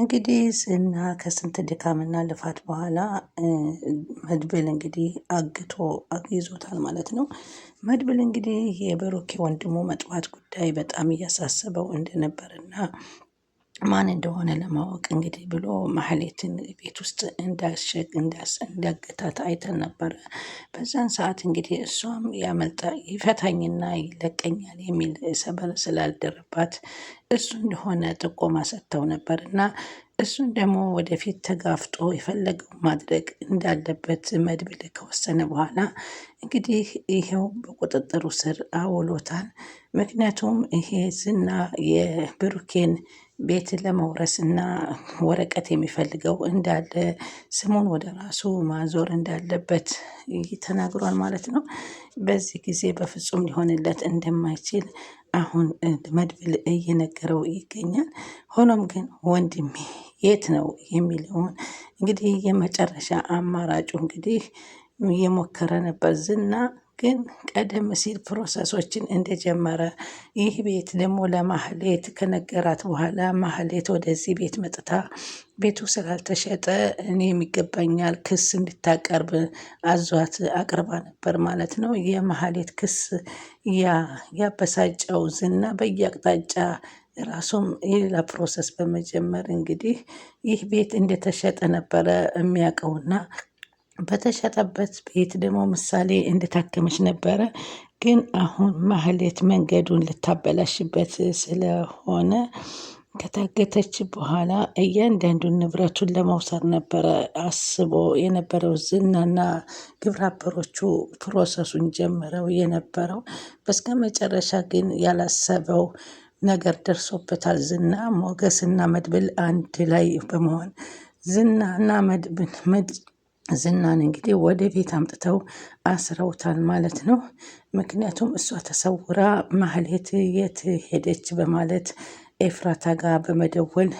እንግዲህ ዝና ከስንት ድካምና ልፋት በኋላ መድብል እንግዲህ አግቶ ይዞታል ማለት ነው። መድብል እንግዲህ የብሩኬ ወንድሙ መጥፋት ጉዳይ በጣም እያሳሰበው እና ማን እንደሆነ ለማወቅ እንግዲህ ብሎ ማህሌትን ቤት ውስጥ እንዳሸግ እንዳገታት አይተን ነበረ። በዛን ሰዓት እንግዲህ እሷም ያመልጣ ይፈታኝና ይለቀኛል የሚል ሰበር ስላልደረባት እሱ እንደሆነ ጥቆማ ሰጥተው ነበር እና እሱን ደግሞ ወደፊት ተጋፍጦ የፈለገው ማድረግ እንዳለበት መድብል ከወሰነ በኋላ እንግዲህ ይሄው በቁጥጥሩ ስር አውሎታል። ምክንያቱም ይሄ ዝና የብሩኬን ቤት ለመውረስ እና ወረቀት የሚፈልገው እንዳለ ስሙን ወደ ራሱ ማዞር እንዳለበት ተናግሯል ማለት ነው። በዚህ ጊዜ በፍጹም ሊሆንለት እንደማይችል አሁን መድብል እየነገረው ይገኛል። ሆኖም ግን ወንድሜ የት ነው የሚለውን እንግዲህ የመጨረሻ አማራጩ እንግዲህ የሞከረ ነበር ዝና ግን ቀደም ሲል ፕሮሰሶችን እንደጀመረ ይህ ቤት ደግሞ ለማህሌት ከነገራት በኋላ ማህሌት ወደዚህ ቤት መጥታ ቤቱ ስላልተሸጠ እኔ የሚገባኛል ክስ እንድታቀርብ አዟት አቅርባ ነበር ማለት ነው። የማህሌት ክስ ያበሳጨው ዝና በየአቅጣጫ ራሱም የሌላ ፕሮሰስ በመጀመር እንግዲህ ይህ ቤት እንደተሸጠ ነበረ የሚያውቀውና በተሸጠበት ቤት ደግሞ ምሳሌ እንደታከመች ነበረ። ግን አሁን ማህሌት መንገዱን ልታበላሽበት ስለሆነ ከታገተች በኋላ እያንዳንዱን ንብረቱን ለመውሰድ ነበረ አስቦ የነበረው ዝናና ግብረ አበሮቹ ፕሮሰሱን ጀምረው የነበረው በስከ መጨረሻ ግን ያላሰበው ነገር ደርሶበታል። ዝና ሞገስና መድብል አንድ ላይ በመሆን ዝናና መድብል ዝናን እንግዲህ ወደ ቤት አምጥተው አስረውታል ማለት ነው። ምክንያቱም እሷ ተሰውራ ማህሌት የት ሄደች በማለት ኤፍራታ ጋር በመደወል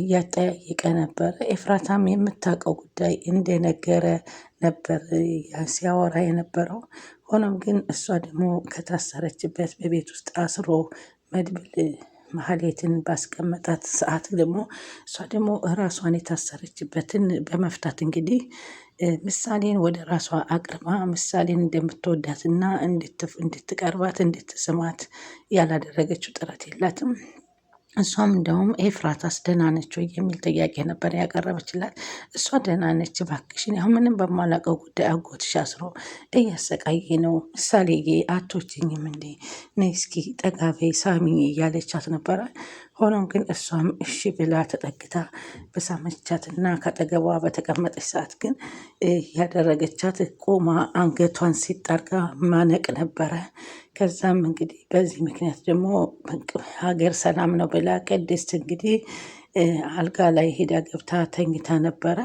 እያጠያየቀ ነበረ። ኤፍራታም የምታውቀው ጉዳይ እንደነገረ ነበር ሲያወራ የነበረው። ሆኖም ግን እሷ ደግሞ ከታሰረችበት በቤት ውስጥ አስሮ መድብል ማህሌትን ባስቀመጣት ሰዓት ደግሞ እሷ ደግሞ ራሷን የታሰረችበትን በመፍታት እንግዲህ ምሳሌን ወደ ራሷ አቅርባ ምሳሌን እንደምትወዳትና እንድትቀርባት እንድትስማት ያላደረገችው ጥረት የላትም። እሷም እንደውም ኤፍራታስ ደህና ነች ወይ የሚል ጥያቄ ነበር ያቀረበችላት። እሷ ደህና ነች እባክሽን፣ ያው ምንም በማላውቀው ጉዳይ አጎትሽ አስሮ እያሰቃየ ነው። ምሳሌ አቶችኝም እንዴ ነይ እስኪ ጠጋቤ ሳሚኝ እያለቻት ነበረ። ሆኖም ግን እሷም እሺ ብላ ተጠግታ በሳመቻትና ከጠገቧ በተቀመጠች ሰዓት ግን ያደረገቻት ቆማ አንገቷን ሲጣርጋ ማነቅ ነበረ። ከዛም እንግዲህ በዚህ ምክንያት ደግሞ ሀገር ሰላም ነው ብላ ቅድስት እንግዲህ አልጋ ላይ ሄዳ ገብታ ተኝታ ነበረ።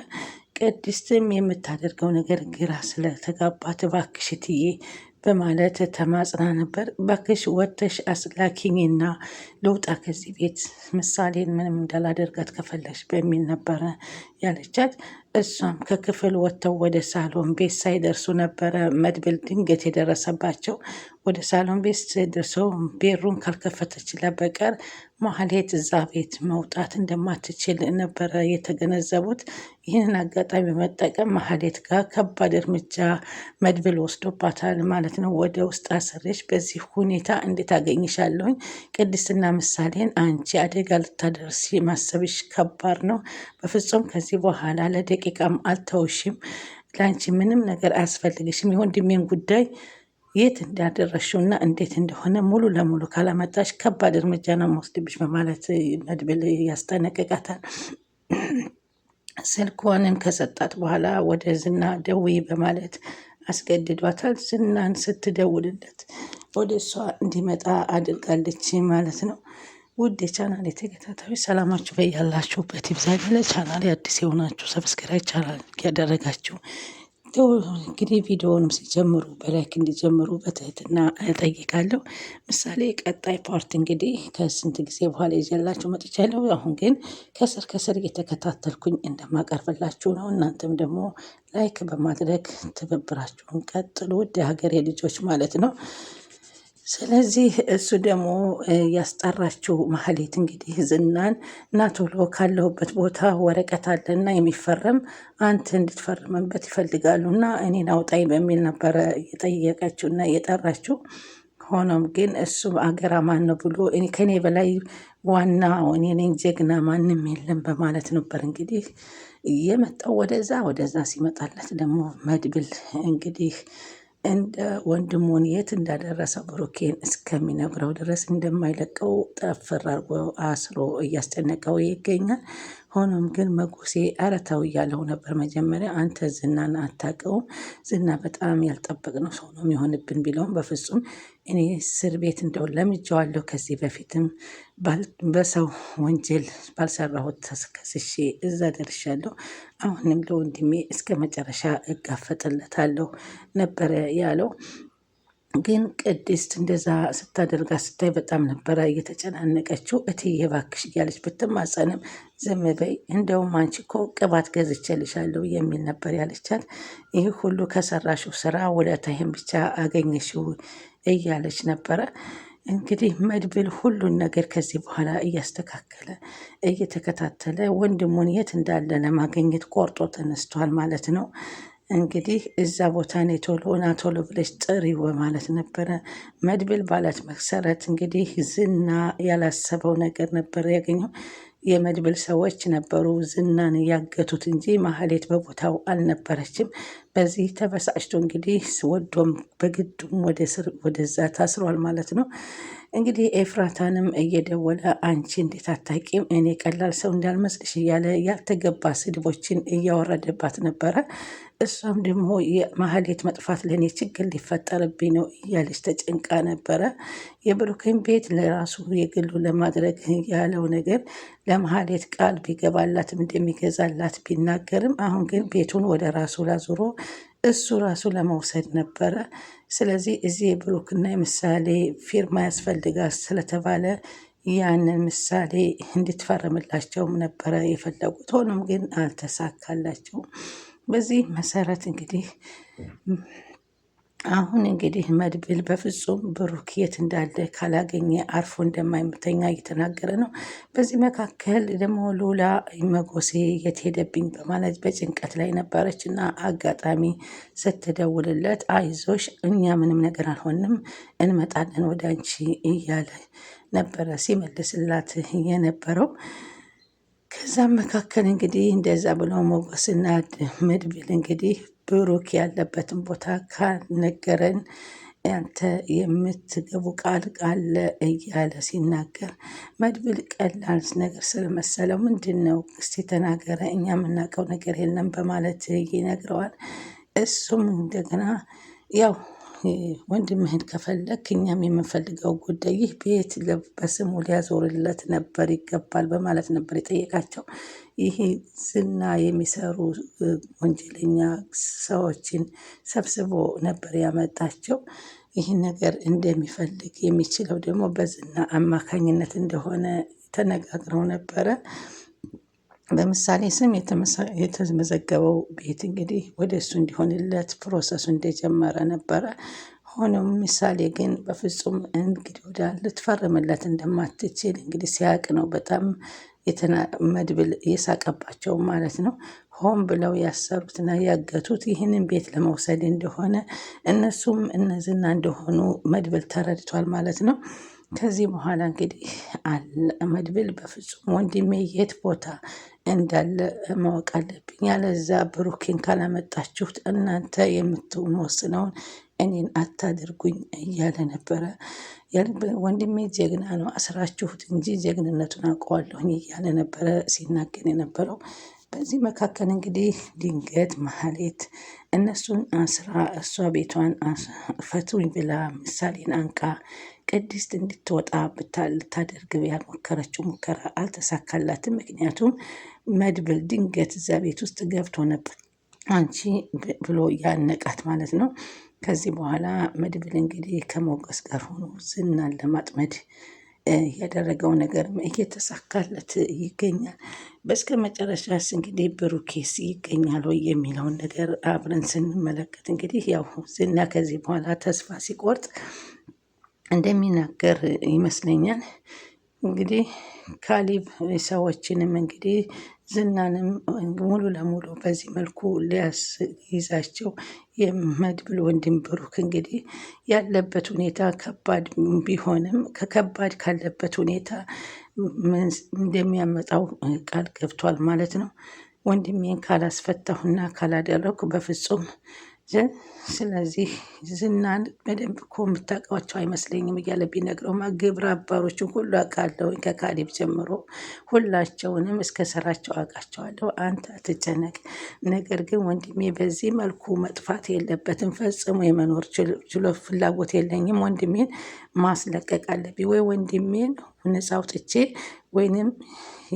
ቅድስትም የምታደርገው ነገር ግራ ስለተጋባት እባክሽ በማለት ተማጽና ነበር። ባክሽ ወተሽ አስላኪኝ እና ልውጣ ከዚህ ቤት ምሳሌን ምንም እንዳላደርጋት ከፈለሽ በሚል ነበረ ያለቻት። እሷም ከክፍል ወጥተው ወደ ሳሎን ቤት ሳይደርሱ ነበረ መድብል ድንገት የደረሰባቸው። ወደ ሳሎን ቤት ሳይደርሰው ቤሩን ካልከፈተችላት በቀር ማህሌት እዛ ቤት መውጣት እንደማትችል ነበረ የተገነዘቡት። ይህንን አጋጣሚ በመጠቀም ማህሌት ጋር ከባድ እርምጃ መድብል ወስዶባታል ማለት ነው። ወደ ውስጥ አሰሬች። በዚህ ሁኔታ እንዴት አገኝሻለሁኝ? ቅድስትና ምሳሌን አንቺ አደጋ ልታደርሲ ማሰብሽ ከባድ ነው። በፍጹም ከዚህ በኋላ ለደ ደቂቃም አልተውሽም። ለአንቺ ምንም ነገር አያስፈልግሽም። የወንድሜን ጉዳይ የት እንዳደረሽው እና እንዴት እንደሆነ ሙሉ ለሙሉ ካላመጣሽ ከባድ እርምጃ ነው መወስድብሽ በማለት መድብል ያስጠነቅቃታል። ስልኳንም ከሰጣት በኋላ ወደ ዝና ደዊ በማለት አስገድዷታል። ዝናን ስትደውልለት ወደ እሷ እንዲመጣ አድርጋለች ማለት ነው። ውድ የቻናል የተከታታዮች ሰላማችሁ በያላችሁበት ይብዛኝ። ለቻናል አዲስ የሆናችሁ ሰብስክራይ ቻናል ያደረጋችሁ እንግዲህ ቪዲዮውንም ሲጀምሩ በላይክ እንዲጀምሩ በትህትና ጠይቃለሁ። ምሳሌ ቀጣይ ፓርት እንግዲህ ከስንት ጊዜ በኋላ ይዤላችሁ መጥቻለሁ። አሁን ግን ከስር ከስር እየተከታተልኩኝ እንደማቀርብላችሁ ነው። እናንተም ደግሞ ላይክ በማድረግ ትብብራችሁን ቀጥሉ። ውድ የሀገሬ ልጆች ማለት ነው። ስለዚህ እሱ ደግሞ ያስጠራችው ማህሌት እንግዲህ ዝናን እና ቶሎ ካለሁበት ቦታ ወረቀት አለና የሚፈረም አንተ እንድትፈርምበት ይፈልጋሉ እና እኔን አውጣኝ በሚል ነበረ የጠየቀችው እና የጠራችው። ሆኖም ግን እሱ አገራ ማን ነው ብሎ ከኔ በላይ ዋና እኔ ነኝ ጀግና ማንም የለም በማለት ነበር እንግዲህ የመጣው ወደዛ ወደዛ ሲመጣለት ደግሞ መድብል እንግዲህ እንደ ወንድሙን የት እንዳደረሰ ብሩኬን እስከሚነግረው ድረስ እንደማይለቀው ጠፍር አርጎ አስሮ እያስጨነቀው ይገኛል። ሆኖም ግን መጎሴ ኧረ ያለው እያለው ነበር መጀመሪያ። አንተ ዝናን አታውቀውም፣ ዝና በጣም ያልጠበቅነው ሰው ነው የሚሆንብን ቢለውም በፍጹም እኔ እስር ቤት እንደው ለምጄዋለሁ። ከዚህ በፊትም በሰው ወንጀል ባልሰራሁት ተከስሼ እዛ ደርሻለሁ። አሁንም ለወንድሜ እስከ መጨረሻ እጋፈጥለታለሁ ነበረ ያለው። ግን ቅድስት እንደዛ ስታደርጋ ስታይ በጣም ነበረ እየተጨናነቀችው። እትዬ እባክሽ እያለች ብትማጸንም ዝም በይ እንደውም አንቺ እኮ ቅባት ገዝቼልሻለሁ የሚል ነበር ያለቻት። ይህ ሁሉ ከሰራሽው ስራ ውለታህን ብቻ አገኘሽው እያለች ነበረ። እንግዲህ መድብል ሁሉን ነገር ከዚህ በኋላ እያስተካከለ እየተከታተለ ወንድሙን የት እንዳለ ለማገኘት ቆርጦ ተነስቷል ማለት ነው። እንግዲህ እዛ ቦታ ነው ቶሎና ቶሎ ብለሽ ጥሪ ማለት ነበረ። መድብል ባላት መሰረት እንግዲህ ዝና ያላሰበው ነገር ነበር ያገኘው። የመድብል ሰዎች ነበሩ ዝናን ያገቱት እንጂ ማህሌት በቦታው አልነበረችም። በዚህ ተበሳጭቶ እንግዲህ ወዶም በግዱም ወደዛ ታስሯል ማለት ነው። እንግዲህ ኤፍራታንም እየደወለ አንቺ እንዴት አታቂም እኔ ቀላል ሰው እንዳልመስልሽ እያለ ያልተገባ ስድቦችን እያወረደባት ነበረ። እሷም ደግሞ የማህሌት መጥፋት ለእኔ ችግር ሊፈጠርብኝ ነው እያለች ተጨንቃ ነበረ። የብሩክን ቤት ለራሱ የግሉ ለማድረግ ያለው ነገር ለማህሌት ቃል ቢገባላትም እንደሚገዛላት ቢናገርም አሁን ግን ቤቱን ወደ ራሱ ላዙሮ እሱ ራሱ ለመውሰድ ነበረ። ስለዚህ እዚህ የብሩክና የምሳሌ ፊርማ ያስፈልጋል ስለተባለ ያንን ምሳሌ እንድትፈርምላቸውም ነበረ የፈለጉት። ሆኖም ግን አልተሳካላቸውም። በዚህ መሰረት እንግዲህ አሁን እንግዲህ መድብል በፍጹም ብሩክ የት እንዳለ ካላገኘ አርፎ እንደማይተኛ እየተናገረ ነው። በዚህ መካከል ደግሞ ሉላ መጎሴ የት ሄደብኝ በማለት በጭንቀት ላይ ነበረች እና አጋጣሚ ስትደውልለት አይዞሽ፣ እኛ ምንም ነገር አልሆንም፣ እንመጣለን ወደ አንቺ እያለ ነበረ ሲመልስላት የነበረው። ከዛም መካከል እንግዲህ እንደዛ ብሎ ሞገስና መድብል እንግዲህ ብሩክ ያለበትን ቦታ ካነገረን ያንተ የምትገቡ ቃል ቃለ እያለ ሲናገር መድብል ቀላል ነገር ስለመሰለው ምንድን ነው እስቲ ተናገረ፣ እኛ የምናውቀው ነገር የለም በማለት ይነግረዋል። እሱም እንደገና ያው ወንድምህን መሄድ ከፈለግ እኛም የምንፈልገው ጉዳይ ይህ ቤት በስሙ ሊያዞርለት ነበር ይገባል በማለት ነበር የጠየቃቸው። ይህ ዝና የሚሰሩ ወንጀለኛ ሰዎችን ሰብስቦ ነበር ያመጣቸው። ይህን ነገር እንደሚፈልግ የሚችለው ደግሞ በዝና አማካኝነት እንደሆነ ተነጋግረው ነበረ። በምሳሌ ስም የተመዘገበው ቤት እንግዲህ ወደ እሱ እንዲሆንለት ፕሮሰሱ እንደጀመረ ነበረ። ሆኖም ምሳሌ ግን በፍጹም እንግዲህ ወደ ልትፈርምለት እንደማትችል እንግዲህ ሲያቅ ነው በጣም መድብል የሳቀባቸው ማለት ነው። ሆን ብለው ያሰሩትና ያገቱት ይህንን ቤት ለመውሰድ እንደሆነ እነሱም እነዝና እንደሆኑ መድብል ተረድቷል ማለት ነው። ከዚህ በኋላ እንግዲህ መድብል በፍጹም ወንድሜ የት ቦታ እንዳለ ማወቅ አለብኝ፣ ያለዛ ብሩኬን ካላመጣችሁት እናንተ የምትወስነውን እኔን አታድርጉኝ እያለ ነበረ። ወንድሜ ጀግና ነው አስራችሁት እንጂ ጀግንነቱን አውቀዋለሁኝ እያለ ነበረ ሲናገር የነበረው። በዚህ መካከል እንግዲህ ድንገት ማህሌት እነሱን አስራ እሷ ቤቷን ፈቱኝ ብላ ምሳሌን አንቃ ቅድስት እንድትወጣ ልታደርግ ያልሞከረችው ሙከራ አልተሳካላትም። ምክንያቱም መድብል ድንገት እዛ ቤት ውስጥ ገብቶ ነበር አንቺ ብሎ ያነቃት ማለት ነው። ከዚህ በኋላ መድብል እንግዲህ ከሞገስ ጋር ሆኖ ዝናን ለማጥመድ ያደረገው ነገር እየተሳካለት ይገኛል። በስከ መጨረሻስ እንግዲህ ብሩኬስ ይገኛል ወይ የሚለውን ነገር አብረን ስንመለከት እንግዲህ ያው ዝና ከዚህ በኋላ ተስፋ ሲቆርጥ እንደሚናገር ይመስለኛል። እንግዲህ ካሊብ ሰዎችንም እንግዲህ ዝናንም ሙሉ ለሙሉ በዚህ መልኩ ሊያስይዛቸው የመድብል ወንድም ብሩክ እንግዲህ ያለበት ሁኔታ ከባድ ቢሆንም ከከባድ ካለበት ሁኔታ እንደሚያመጣው ቃል ገብቷል ማለት ነው። ወንድሜን ካላስፈታሁና ካላደረኩ በፍጹም ስለዚህ ዝናን በደንብ እኮ የምታውቃቸው አይመስለኝም እያለ ቢነግረውማ ግብረ አባሮችን ሁሉ አውቃለሁ ከካሌብ ጀምሮ ሁላቸውንም እስከ ስራቸው አውቃቸዋለሁ። አንተ አትጨነቅ። ነገር ግን ወንድሜ በዚህ መልኩ መጥፋት የለበትም። ፈጽሞ የመኖር ችሎ ፍላጎት የለኝም። ወንድሜን ማስለቀቅ አለብኝ ወይ ወንድሜን ነፃ አውጥቼ ወይንም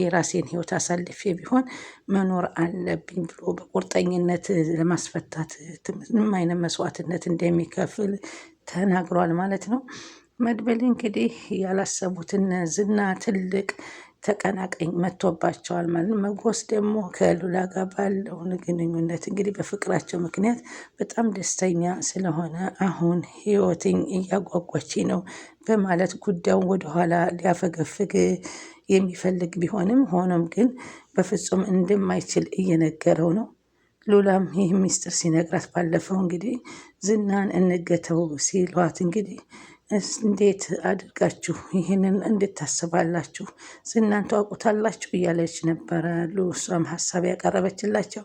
የራሴን ህይወት አሳልፌ ቢሆን መኖር አለብኝ ብሎ በቁርጠኝነት ለማስፈታት ምንም አይነት መስዋዕትነት እንደሚከፍል ተናግሯል ማለት ነው። መድበል እንግዲህ ያላሰቡትን ዝና ትልቅ ተቀናቃኝ መጥቶባቸዋል ማለት ነው። መጎስ ደግሞ ከሉላ ጋር ባለውን ግንኙነት እንግዲህ በፍቅራቸው ምክንያት በጣም ደስተኛ ስለሆነ አሁን ህይወትኝ እያጓጓች ነው በማለት ጉዳዩን ወደኋላ ሊያፈገፍግ የሚፈልግ ቢሆንም ሆኖም ግን በፍጹም እንደማይችል እየነገረው ነው። ሉላም ይህ ሚስጥር ሲነግራት ባለፈው እንግዲህ ዝናን እንገተው ሲሏት እንግዲህ እንዴት አድርጋችሁ ይህንን እንዴት ታስባላችሁ? ዝናን ታውቁታላችሁ እያለች ነበረ እሷም ሀሳብ ያቀረበችላቸው።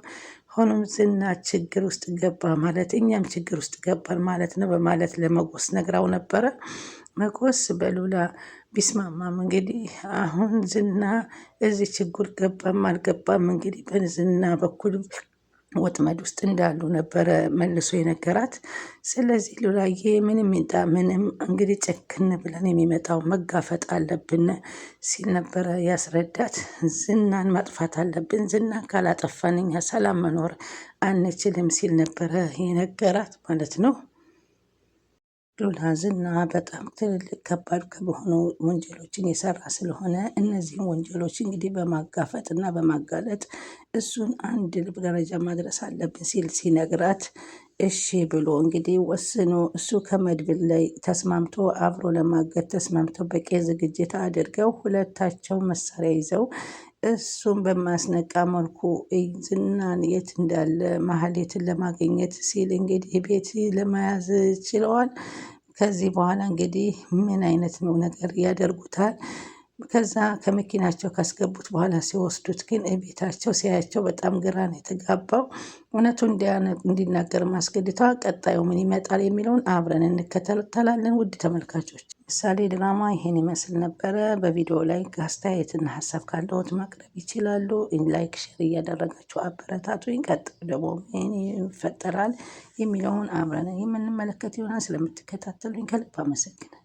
ሆኖም ዝና ችግር ውስጥ ገባ ማለት እኛም ችግር ውስጥ ገባን ማለት ነው በማለት ለመጎስ ነግራው ነበረ። መጎስ በሉላ ቢስማማም እንግዲህ አሁን ዝና እዚህ ችግር ገባም አልገባም እንግዲህ በዝና በኩል ወጥመድ ውስጥ እንዳሉ ነበረ መልሶ የነገራት። ስለዚህ ሉላዬ ምንም ይምጣ ምንም እንግዲህ ጭክን ብለን የሚመጣው መጋፈጥ አለብን ሲል ነበረ ያስረዳት። ዝናን ማጥፋት አለብን፣ ዝናን ካላጠፋን እኛ ሰላም መኖር አንችልም ሲል ነበረ የነገራት ማለት ነው። ሉላዝና በጣም ትልልቅ ከባድ ከሆኑ ወንጀሎችን የሰራ ስለሆነ እነዚህም ወንጀሎች እንግዲህ በማጋፈጥ እና በማጋለጥ እሱን አንድ ደረጃ ማድረስ አለብን ሲል ሲነግራት እሺ ብሎ እንግዲህ ወስኖ እሱ ከመድብል ላይ ተስማምቶ አብሮ ለማገድ ተስማምቶ በቂ ዝግጅት አድርገው ሁለታቸው መሳሪያ ይዘው እሱን በማስነቃ መልኩ ዝናን የት እንዳለ ማህሌትን ለማግኘት ሲል እንግዲህ ቤት ለመያዝ ችለዋል። ከዚህ በኋላ እንግዲህ ምን አይነት ነው ነገር ያደርጉታል? ከዛ ከመኪናቸው ካስገቡት በኋላ ሲወስዱት ግን እቤታቸው ሲያያቸው በጣም ግራ ነው የተጋባው። እውነቱ እንዲናገር ማስገድቷ ቀጣዩ ምን ይመጣል የሚለውን አብረን እንከተልተላለን። ውድ ተመልካቾች ምሳሌ ድራማ ይሄን ይመስል ነበረ። በቪዲዮ ላይ አስተያየትና ሀሳብ ካለዎት ማቅረብ ይችላሉ። ላይክ፣ ሼር እያደረጋችሁ አበረታቱ። ቀጣዩ ደግሞ ምን ይፈጠራል የሚለውን አብረን የምንመለከት ይሆናል። ስለምትከታተሉኝ ከልብ አመሰግናል።